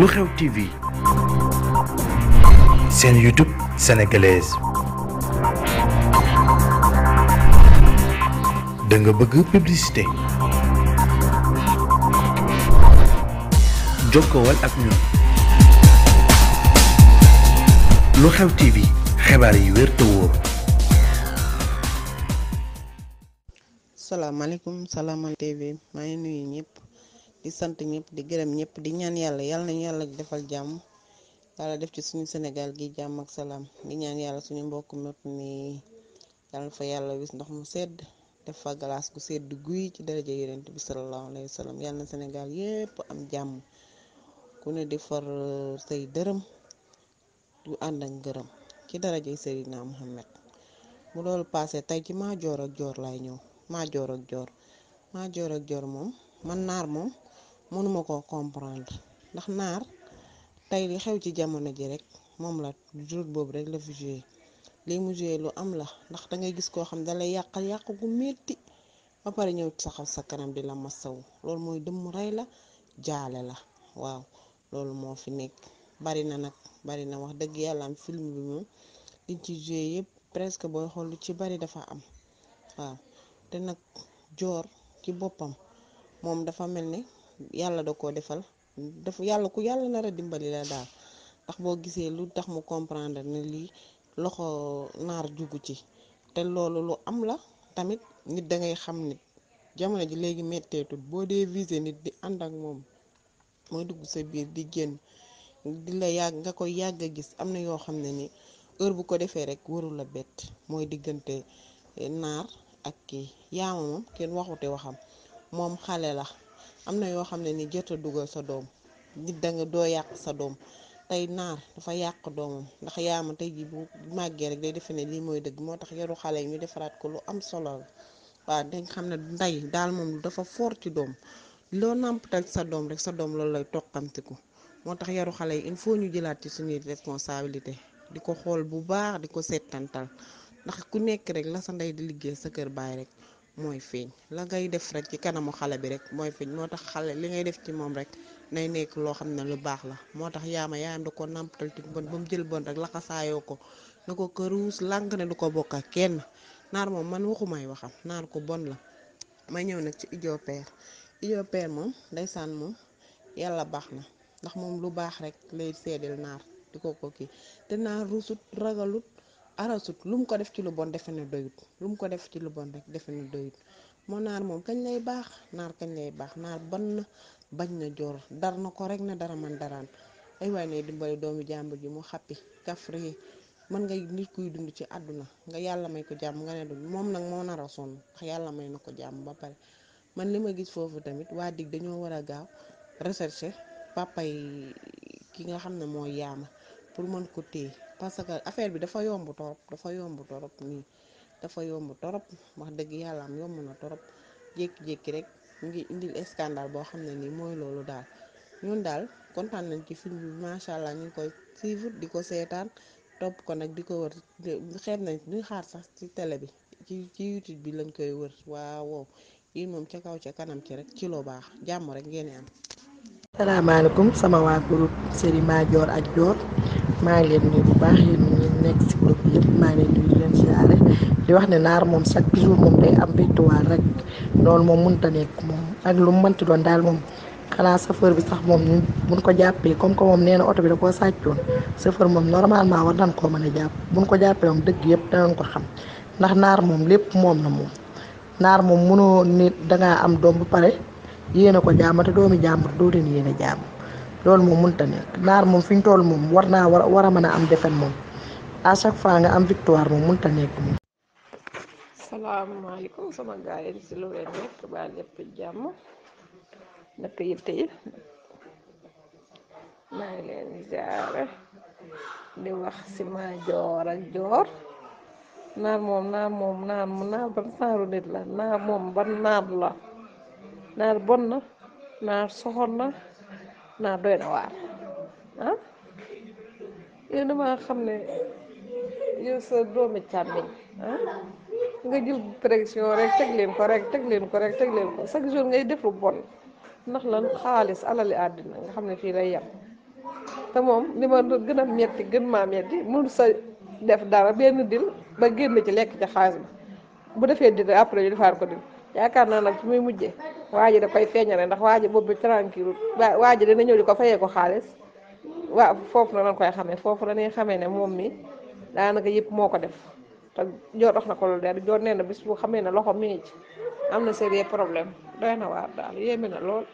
lu xew TV seen YouTube sénégalaise da bëgg publicité jokkowal ak ñun lu xew TV xibaar yi wér te wóor. salaamaaleykum TV maa ngi nuyu ñëpp. di sant ñëpp di gërëm ñëpp di ñaan yàlla yàlla nañu yàlla defal jàmm yàlla def ci suñu senegal gi jàmm ak salaam di ñaan yàlla suñu mbokk mépp ni yàlla fa yàlla wis ndox mu sedd def fa galaas gu sedd guy ci daraja yonent bi sallallahu alayhi wa sallam yàlla na yépp am jàmm ku ne di for uh, say dërëm yu ànd ak ngërëm ci darajay Seydina Muhammad bu loolu paase tey ci maajoor ak joor lay ñëw maajoor joor ak joor moom man naar moom mënuma koo comprendre ndax naar tey li xew ci jamono ji rek moom la jour boobu rek la fi joué lii lu am la ndax da ngay gis koo xam da lay yàqal yàq gu metti ba pare ñëw saxaw sa kanam di la ma masawu loolu mooy dëmm rey la jaale la waaw loolu moo fi nekk bari na nag bari na wax dëgg yàlla am film bi moom liñ ci joué yëpp presque booy xool lu ci bari dafa am waaw te nag joor ci boppam moom dafa mel ne yàlla da koo defal daf yàlla ku yàlla nar dimbali la daal ndax boo gisee lu tax mu comprendre ne lii loxo naar jugu ci te loolu lu am la tamit nit da ngay xam nit jamono ji léegi metteetul boo dee visé nit di ànd ak moom mooy dugg sa biir di génn di la yàgg nga koy yàgg a gis am na yoo xam ne ni heure bu ko defee rek warul la bett mooy diggante eh, naar ak kii yaama kenn waxute waxam moom xale la am na yoo xam ne ni jot a dugal sa doom nit da nga doo yàq sa doom tey naar dafa yàq doomam ndax yaama tey ji bu màggee rek day defe ne lii mooy dëgg moo tax yaru xale yi ñu defaraat ko lu am solo la waaw dañ xam ne ndey daal moom dafa foor ci doom loo nàmpatal sa doom rek sa doom loolu lay toqamtiku moo tax yaru xale yi il faut ñu jëlaat ci suñuy responsabilité di ko xool bu baax di ko seetantal ndax ku nekk rek la sa ndey di liggéey sa kër baay rek mooy feeñ la ngay def rek ci kanamu xale bi rek mooy feeñ moo tax xale li ngay def ci moom rek nay nekk loo xam ne lu baax la moo tax yaama yaayam da ko nàmpatal ci bon ba mu jël bon rek laxasaayoo ko na ko ruus lànq ne du ko bokk ak kenn naar moom man waxu may waxam naar ko bon la may ñëw nag ci ijo peer ijo peer moom ndeysaan moom yàlla baax na ndax moom lu baax rek lay seedeel naar di ko ko kii te naar ruusut ragalut arasut lu mu ko def ci lu bon defe na doyut lu mu ko def ci lu bon rek defe na moo naar moom kañ lay baax naar kañ lay baax naar ban na bañ na joor dar na ko rek ne dara man daraan ay waay ne dimbali doomu jàmbur ji mu xàppi kafri mën nga nit kuy dund ci àdduna nga yàlla may ko jàmm nga ne du moom nag moo nara sonn ndax yàlla may na ko jàmm ba pare man li ma gis foofu tamit waa dig dañoo war a gaaw recherche papay ki nga xam ne moo yaama pour mën ko téye parce que affaire bi dafa yomb torop dafa yomb torop nii dafa yomb torop wax dëgg yàlla am yomb na torop jékki-jékki rek mu ngi indil scandale boo xam ne nii mooy loolu daal ñun daal kontaan nañ ci film bi macha allah ñu ngi koy suivre di ko seetaan topp ko nag di ko wër xeet nañ duñ xaar sax ci télé bi ci ci YouTube bi lañ koy wër waaw wow yéen moom ca kaw ca kanam ci rek ci loo baax jàmm rek ngeen am. salaamaaleykum sama waa groupe Serigne Madior ak Dior maa ngi leen bu baax yéen ñi nekk si groupe yëpp maa ngi leen nuyu leen di wax ne naar moom chaque jour moom day am victoire rek loolu moom mënut a nekk moom ak lu mu mënti doon daal moom xanaa chauffeur bi sax moom ñu buñ ko jàppee comme que moom nee na oto bi da koo sàccoon chauffeur moom normalement war nañ koo mën a jàpp buñ ko jàppee moom dëgg yëpp danañ ko xam ndax naar moom lépp moom na moom naar moom mënoo nit dangaa am doom bu pare yéene ko jàmm te doomi jàmbur doo leen yéene jàmm lool moom mënta nekk naar moom fi ñu moom war naa war a mën a am défaite moom à chaque fois nga am victoire moom mënta nekk moom. salaamaaleykum sama gars si lu leen nekk ba lépp jàmm naka wax si ma joor ak joor naar moom naar moom naar ban naaru la la naar bon na naar soxor na. naa doy na waar ah yow damaa xam ne yow sa doomi càmmiñ ah nga jël pression rek teg leen ko rek teg leen ko rek teg leen ko chaque jour ngay def lu bon ndax lan xaalis alali àddina nga xam ne fii lay yem te moom li ma gën a metti gën maa metti mënu sa def dara benn dil ba génn ci lekk ci xaalis ba bu defee dil après yu defaat ko dil yaakaar naa nag muy mujjee waa ji da koy feeñale ndax waaju ji boobu bi tranquille waa de na ñëw di ko fayee ko xaalis waaw foofu la lañ koy xamee foofu la xamee ne moom mi daanaka yëpp moo ko def te joo dox na ko lu leer joo nee na bis boo xamee na loxo mi ngi am na sérieux problème doy na waar daal yéeme na lool.